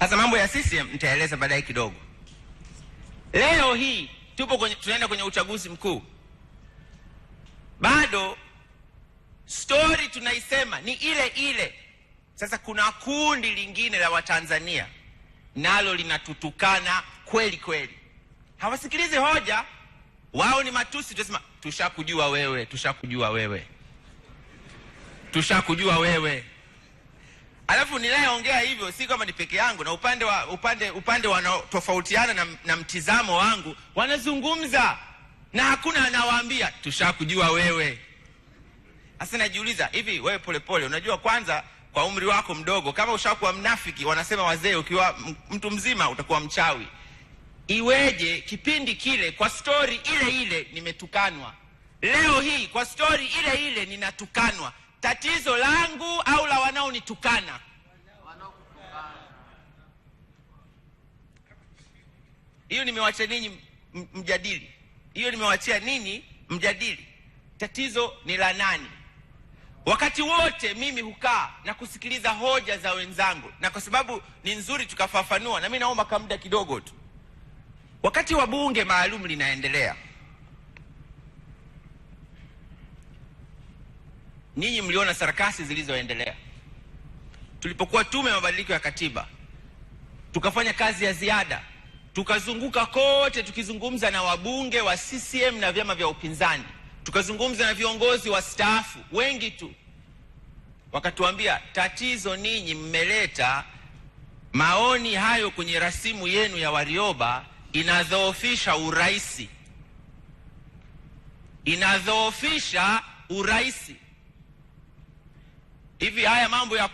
Sasa mambo ya CCM nitaeleza baadaye kidogo. Leo hii tupo kwenye, tunaenda kwenye uchaguzi mkuu, bado stori tunaisema ni ile ile. Sasa kuna kundi lingine la Watanzania nalo linatutukana kweli kweli, hawasikilizi hoja, wao ni matusi. Tunasema tushakujua wewe, tushakujua wewe, tushakujua wewe Alafu ninayeongea hivyo si kama ni peke yangu, na upande wa upande upande wanaotofautiana na, na mtizamo wangu wanazungumza na hakuna anawaambia tushakujua wewe. Sasa najiuliza hivi, wewe Polepole, unajua kwanza kwa umri wako mdogo, kama ushakuwa mnafiki, wanasema wazee, ukiwa mtu mzima utakuwa mchawi. Iweje kipindi kile kwa stori ile ile nimetukanwa, leo hii kwa stori ile ile ninatukanwa? tatizo langu au la wanaonitukana? Hiyo nimewachia ninyi mjadili, hiyo nimewachia ninyi mjadili. Tatizo ni la nani? Wakati wote mimi hukaa na kusikiliza hoja za wenzangu, na kwa sababu ni nzuri tukafafanua, na mimi naomba kamda kidogo tu. Wakati wa bunge maalum linaendelea Ninyi mliona sarakasi zilizoendelea tulipokuwa tume ya mabadiliko ya katiba, tukafanya kazi ya ziada, tukazunguka kote tukizungumza na wabunge wa CCM na vyama vya upinzani, tukazungumza na viongozi wa staafu wengi tu, wakatuambia tatizo, ninyi mmeleta maoni hayo kwenye rasimu yenu ya Warioba, inadhoofisha uraisi, inadhoofisha uraisi. Hivi haya mambo ya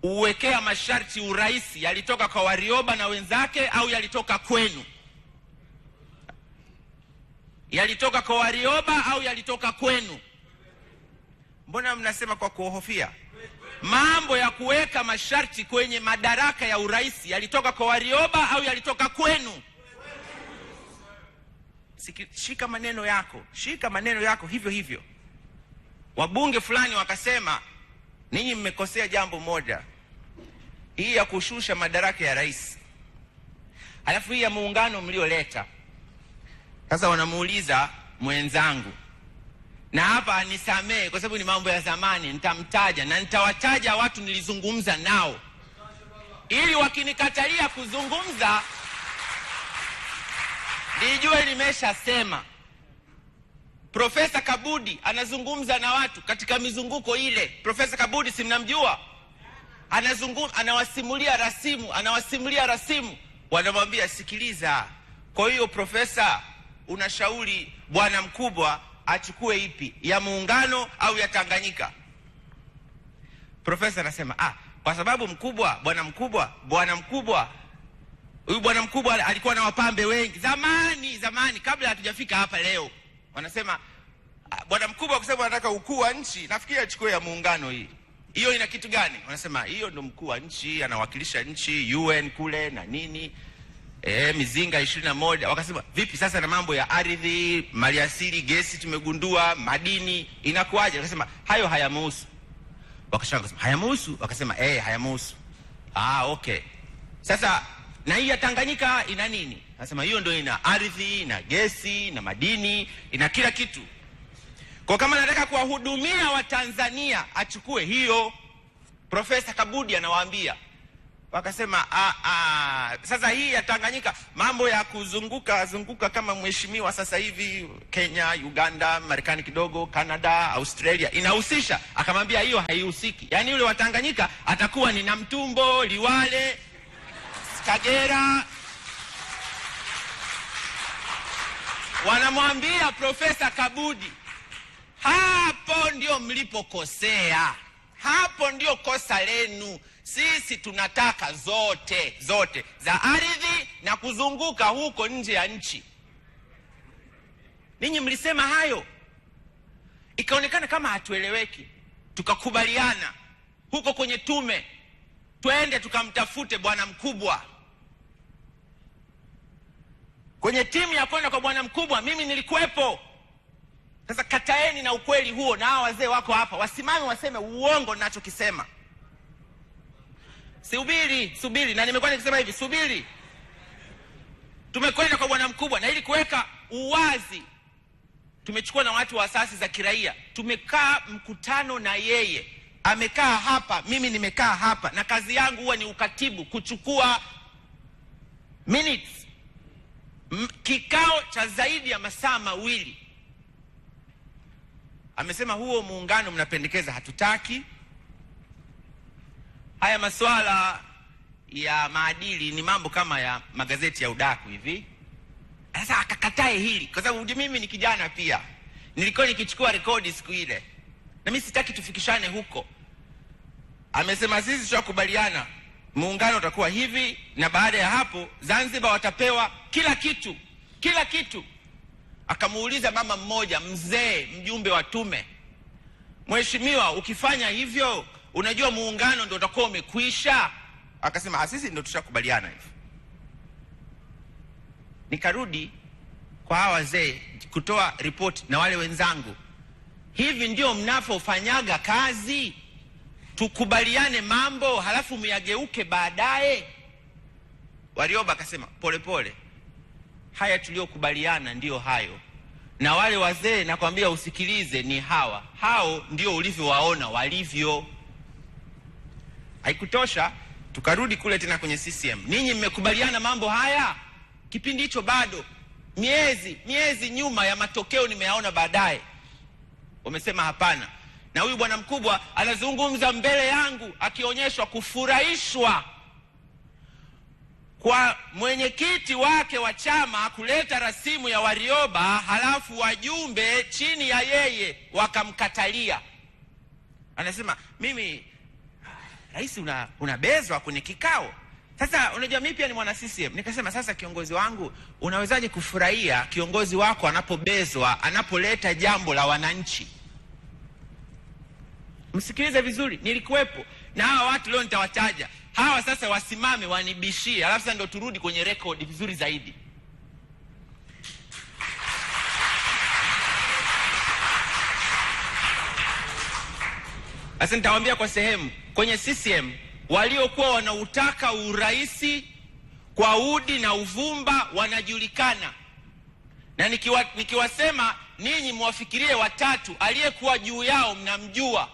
kuwekea masharti urais yalitoka kwa Warioba na wenzake au yalitoka kwenu? Yalitoka kwa Warioba au yalitoka kwenu? Mbona mnasema kwa kuhofia? Mambo ya kuweka masharti kwenye madaraka ya urais yalitoka kwa Warioba au yalitoka kwenu? Shika maneno yako, shika maneno yako hivyo hivyo. Wabunge fulani wakasema Ninyi mmekosea jambo moja, hii ya kushusha madaraka ya rais, alafu hii ya muungano mlioleta sasa. Wanamuuliza mwenzangu, na hapa nisamehe, kwa sababu ni mambo ya zamani, nitamtaja na nitawataja watu nilizungumza nao, ili wakinikatalia kuzungumza nijue nimeshasema. Profesa Kabudi anazungumza na watu katika mizunguko ile. Profesa Kabudi si mnamjua? anawasimulia rasimu, anawasimulia rasimu, wanamwambia sikiliza, kwa hiyo profesa, unashauri bwana mkubwa achukue ipi, ya muungano au ya Tanganyika? Profesa anasema ah, kwa sababu mkubwa, bwana mkubwa, bwana mkubwa huyu bwana mkubwa alikuwa na wapambe wengi zamani, zamani kabla hatujafika hapa leo wanasema ah, bwana mkubwa, kwa sababu anataka ukuu wa nchi, nafikiri achukue ya muungano hii. Hiyo ina kitu gani? Wanasema hiyo ndo mkuu wa nchi, anawakilisha nchi UN kule na nini E, mizinga ishirini na moja. Wakasema vipi sasa na mambo ya ardhi, maliasili, gesi tumegundua, madini inakuwaje? Wakasema hayo hayamuhusu. Wakashanga kusema hayamuhusu, wakasema eh, hayamuhusu. Ah, okay. Sasa na hii ya Tanganyika ina nini? Anasema hiyo ndio ina ardhi, ina gesi, ina madini, ina kila kitu. Kwa kama nataka kuwahudumia Watanzania achukue hiyo. Profesa Kabudi anawaambia wakasema, a, ah, a, ah, sasa hii ya Tanganyika mambo ya kuzunguka zunguka kama mheshimiwa sasa hivi Kenya, Uganda, Marekani kidogo, Canada, Australia inahusisha. Akamwambia hiyo haihusiki, yaani yule Watanganyika atakuwa ni Namtumbo, Liwale, Kagera wanamwambia Profesa Kabudi, hapo ndio mlipokosea, hapo ndio kosa lenu. Sisi tunataka zote zote za ardhi na kuzunguka huko nje ya nchi. Ninyi mlisema hayo, ikaonekana kama hatueleweki, tukakubaliana huko kwenye tume, twende tukamtafute bwana mkubwa Kwenye timu ya kwenda kwa bwana mkubwa mimi nilikuwepo. Sasa kataeni na ukweli huo, na hawa wazee wako hapa wasimame waseme uongo ninachokisema. Subiri, subiri, na nimekuwa nikisema hivi, subiri. Tumekwenda kwa bwana mkubwa, na ili kuweka uwazi, tumechukua na watu wa asasi za kiraia, tumekaa mkutano na yeye, amekaa hapa, mimi nimekaa hapa, na kazi yangu huwa ni ukatibu, kuchukua minutes kikao cha zaidi ya masaa mawili. Amesema huo muungano mnapendekeza hatutaki. Haya masuala ya maadili ni mambo kama ya magazeti ya udaku hivi. Sasa akakatae hili, kwa sababu mimi ni kijana pia, nilikuwa nikichukua rekodi siku ile, na mimi sitaki tufikishane huko. Amesema sisi tunakubaliana muungano utakuwa hivi, na baada ya hapo Zanzibar watapewa kila kitu, kila kitu. Akamuuliza mama mmoja mzee, mjumbe wa tume, mheshimiwa, ukifanya hivyo unajua muungano ndio utakuwa umekwisha? Akasema ah, sisi ndio tushakubaliana hivo Nikarudi kwa hawa wazee kutoa ripoti na wale wenzangu, hivi ndio mnavyofanyaga kazi? tukubaliane mambo halafu myageuke baadaye? Warioba akasema polepole, haya tuliyokubaliana ndiyo hayo, na wale wazee nakwambia usikilize, ni hawa hao, ndio ulivyowaona walivyo. Haikutosha, tukarudi kule tena kwenye CCM, ninyi mmekubaliana mambo haya kipindi hicho bado miezi miezi nyuma ya matokeo nimeyaona baadaye. Wamesema hapana na huyu bwana mkubwa anazungumza mbele yangu akionyeshwa kufurahishwa kwa mwenyekiti wake wa chama kuleta rasimu ya Warioba, halafu wajumbe chini ya yeye wakamkatalia. Anasema mimi rais, una, unabezwa kwenye kikao. Sasa unajua mimi pia ni mwana CCM. Nikasema sasa, kiongozi wangu, unawezaje kufurahia kiongozi wako anapobezwa, anapoleta jambo la wananchi? Msikilize vizuri, nilikuwepo na hawa watu leo nitawataja hawa. Sasa wasimame wanibishie, alafu sasa ndo turudi kwenye rekodi vizuri zaidi. Sasa nitawaambia kwa sehemu. Kwenye CCM waliokuwa wanautaka urahisi kwa udi na uvumba wanajulikana, na nikiwa, nikiwasema ninyi mwafikirie watatu aliyekuwa juu yao mnamjua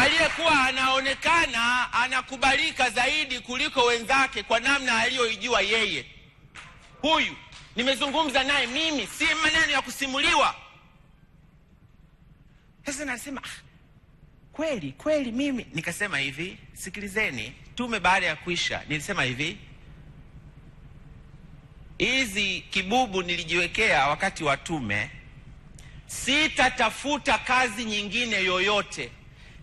aliyekuwa anaonekana anakubalika zaidi kuliko wenzake kwa namna aliyoijua yeye. Huyu nimezungumza naye mimi, si maneno ya kusimuliwa. Sasa nasema ah, kweli kweli, mimi nikasema hivi, sikilizeni. Tume baada ya kuisha, nilisema hivi, hizi kibubu nilijiwekea wakati wa tume, sitatafuta kazi nyingine yoyote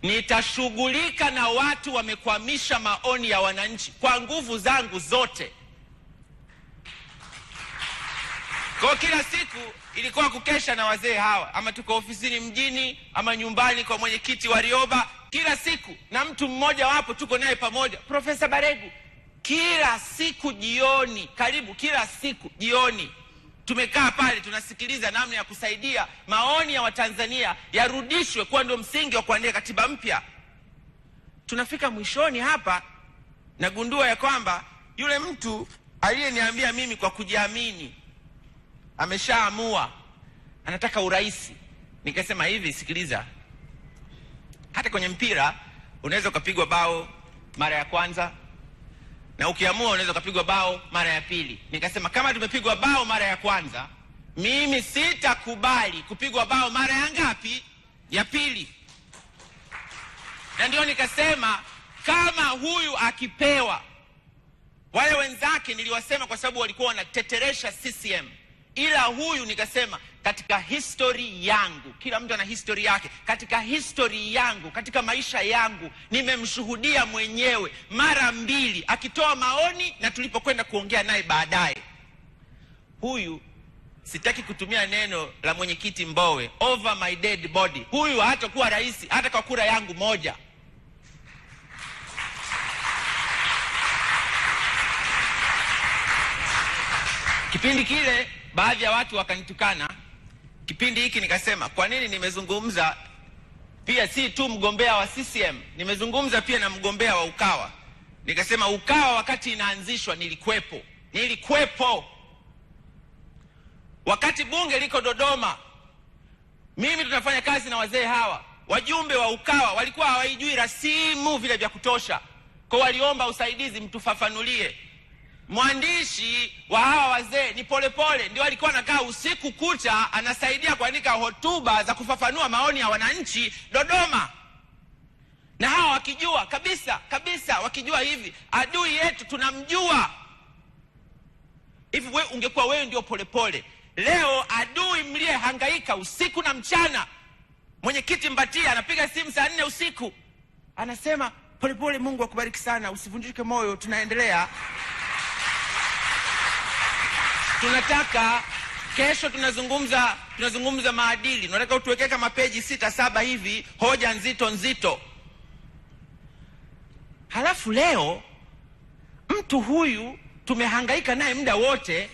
nitashughulika na watu wamekwamisha maoni ya wananchi kwa nguvu zangu zote. Kwa kila siku ilikuwa kukesha na wazee hawa, ama tuko ofisini mjini, ama nyumbani kwa mwenyekiti wa Rioba, kila siku na mtu mmoja wapo tuko naye pamoja, Profesa Baregu, kila siku jioni, karibu kila siku jioni tumekaa pale tunasikiliza namna ya kusaidia maoni ya Watanzania yarudishwe kuwa ndio msingi wa kuandika katiba mpya. Tunafika mwishoni hapa, nagundua ya kwamba yule mtu aliyeniambia mimi kwa kujiamini ameshaamua anataka urahisi Nikasema hivi, sikiliza, hata kwenye mpira unaweza ukapigwa bao mara ya kwanza na ukiamua unaweza ukapigwa bao mara ya pili. Nikasema kama tumepigwa bao mara ya kwanza, mimi sitakubali kupigwa bao mara ya ngapi? Ya pili. Na ndio nikasema kama huyu akipewa, wale wenzake niliwasema kwa sababu walikuwa wanateteresha CCM, ila huyu nikasema katika histori yangu, kila mtu ana histori yake. Katika histori yangu, katika maisha yangu, nimemshuhudia mwenyewe mara mbili akitoa maoni na tulipokwenda kuongea naye baadaye. Huyu sitaki kutumia neno la mwenyekiti Mbowe, over my dead body, huyu hatakuwa rais hata kwa kura yangu moja. Kipindi kile baadhi ya watu wakanitukana Kipindi hiki nikasema kwa nini nimezungumza pia si tu mgombea wa CCM, nimezungumza pia na mgombea wa Ukawa. Nikasema Ukawa wakati inaanzishwa nilikwepo, nilikwepo wakati bunge liko Dodoma. Mimi tunafanya kazi na wazee hawa, wajumbe wa Ukawa walikuwa hawaijui rasimu vile vya kutosha, kwa waliomba usaidizi, mtufafanulie. Mwandishi wa hawa wazee ni Polepole, ndio alikuwa anakaa usiku kucha anasaidia kuandika hotuba za kufafanua maoni ya wananchi Dodoma, na hawa wakijua kabisa kabisa, wakijua hivi, adui yetu tunamjua hivi. We ungekuwa wewe ndio Polepole leo, adui mliyehangaika usiku na mchana. Mwenyekiti Mbatia anapiga simu saa nne usiku anasema, Polepole, Mungu akubariki sana, usivunjike moyo, tunaendelea tunataka kesho tunazungumza tunazungumza maadili, tunataka utuwekee kama peji sita saba hivi hoja nzito nzito. Halafu leo mtu huyu tumehangaika naye muda wote,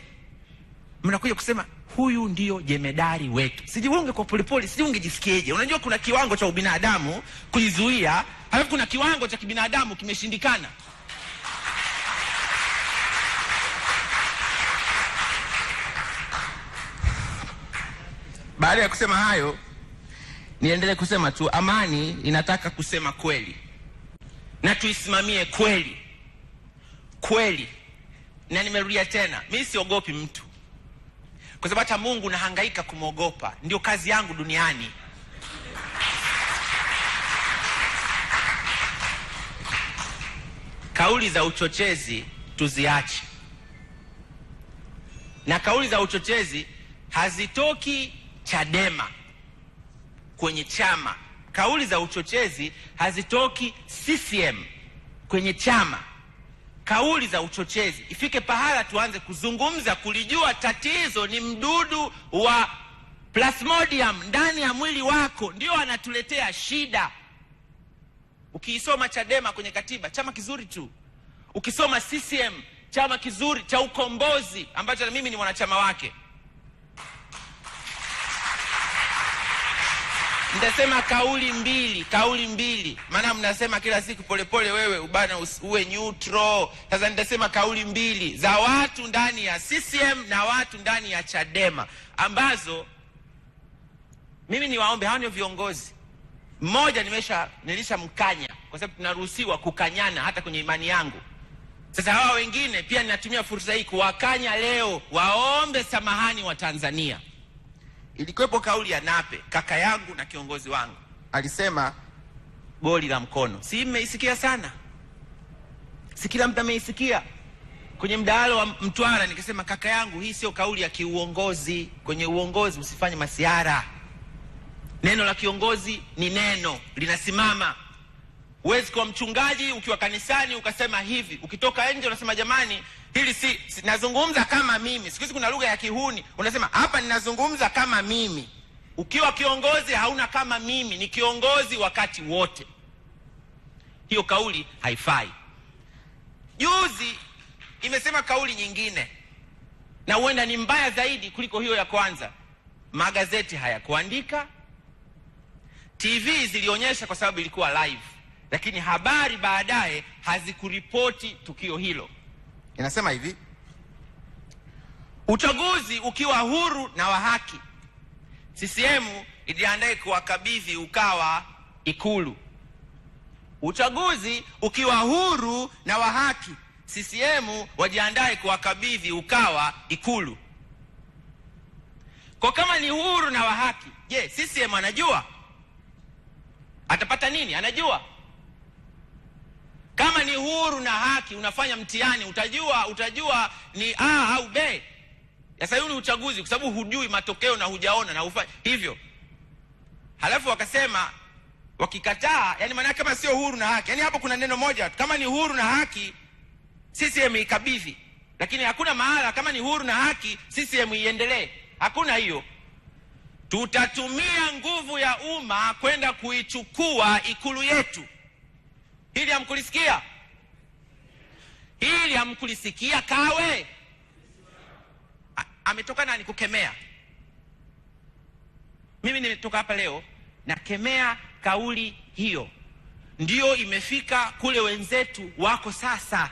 mnakuja kusema huyu ndio jemedari wetu. Sijiunge kwa polepole, sijui jisikieje Unajua kuna kiwango cha ubinadamu kujizuia, halafu kuna kiwango cha kibinadamu kimeshindikana. Baada ya kusema hayo, niendelee kusema tu, amani inataka kusema kweli na tuisimamie kweli kweli. Na nimerudia tena, mi siogopi mtu, kwa sababu hata Mungu nahangaika kumwogopa, ndio kazi yangu duniani. Kauli za uchochezi tuziache, na kauli za uchochezi hazitoki Chadema kwenye chama. Kauli za uchochezi hazitoki CCM kwenye chama. Kauli za uchochezi, ifike pahala tuanze kuzungumza kulijua tatizo ni mdudu wa plasmodium ndani ya mwili wako, ndio anatuletea shida. Ukiisoma Chadema kwenye katiba, chama kizuri tu. Ukisoma CCM, chama kizuri cha ukombozi ambacho mimi ni mwanachama wake. Nitasema kauli mbili, kauli mbili, maana mnasema kila siku polepole, wewe ubana uwe neutral. Sasa nitasema kauli mbili za watu ndani ya CCM na watu ndani ya Chadema ambazo mimi niwaombe, hawa ndio viongozi. Mmoja nimesha mkanya kwa sababu tunaruhusiwa kukanyana hata kwenye imani yangu. Sasa hawa wengine pia ninatumia fursa hii kuwakanya leo, waombe samahani wa Tanzania ilikuwepo kauli ya Nape, kaka yangu na kiongozi wangu, alisema goli la mkono. Si mmeisikia sana, si kila mtu ameisikia kwenye mdahalo wa Mtwara. nikisema kaka yangu, hii sio kauli ya kiuongozi. Kwenye uongozi usifanye masiara. Neno la kiongozi ni neno linasimama. Huwezi kuwa mchungaji ukiwa kanisani ukasema hivi, ukitoka nje unasema jamani, hili si, si nazungumza kama mimi. Siku hizi kuna lugha ya kihuni, unasema hapa ninazungumza kama mimi. Ukiwa kiongozi hauna kama mimi, ni kiongozi wakati wote. Hiyo kauli haifai. Juzi imesema kauli nyingine, na huenda ni mbaya zaidi kuliko hiyo ya kwanza. Magazeti hayakuandika, TV zilionyesha kwa sababu ilikuwa live lakini habari baadaye hazikuripoti tukio hilo. Inasema hivi: uchaguzi ukiwa huru na wa haki, CCM iliandae kuwakabidhi Ukawa Ikulu. Uchaguzi ukiwa huru na wa haki, CCM wajiandae kuwakabidhi Ukawa Ikulu. Kwa kama ni huru na wa haki, je, CCM anajua atapata nini? Anajua. Kama ni huru na haki, unafanya mtihani, utajua utajua ni a au b. Sasa hiyo ni uchaguzi, kwa sababu hujui matokeo na hujaona na ufa hivyo. Halafu wakasema wakikataa, yani maana kama sio huru na haki, yani hapo kuna neno moja kama ni huru na haki CCM ikabidhi, lakini hakuna mahala kama ni huru na haki CCM iendelee, hakuna hiyo. Tutatumia nguvu ya umma kwenda kuichukua ikulu yetu. Hili hamkulisikia? Hili hamkulisikia? Kawe ametoka nani kukemea mimi. Nimetoka hapa leo nakemea kauli hiyo, ndiyo imefika kule, wenzetu wako sasa.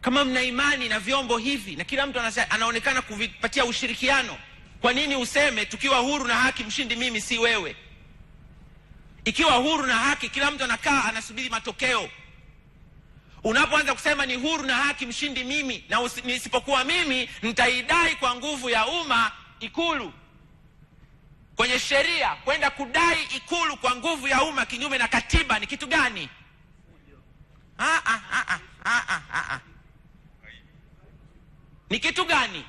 Kama mna imani na vyombo hivi na kila mtu anaonekana kuvipatia ushirikiano, kwa nini useme tukiwa huru na haki, mshindi mimi si wewe? ikiwa huru na haki, kila mtu anakaa anasubiri matokeo. Unapoanza kusema ni huru na haki, mshindi mimi na nisipokuwa mimi nitaidai kwa nguvu ya umma Ikulu kwenye sheria kwenda kudai Ikulu kwa nguvu ya umma kinyume na katiba ni kitu gani? Aa, ah, ah, ah, Ni kitu gani?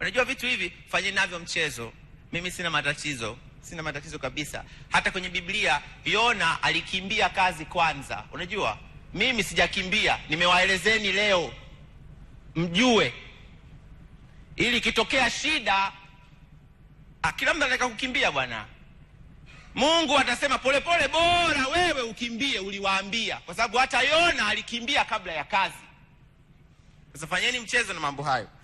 Unajua vitu hivi fanyeni navyo mchezo. Mimi sina matatizo, sina matatizo kabisa. Hata kwenye Biblia Yona alikimbia kazi kwanza. Unajua mimi sijakimbia, nimewaelezeni leo mjue, ili ikitokea shida ah, kila mtu anataka kukimbia bwana. Mungu atasema polepole, bora wewe ukimbie, uliwaambia, kwa sababu hata Yona alikimbia kabla ya kazi. Sasa fanyeni mchezo na mambo hayo.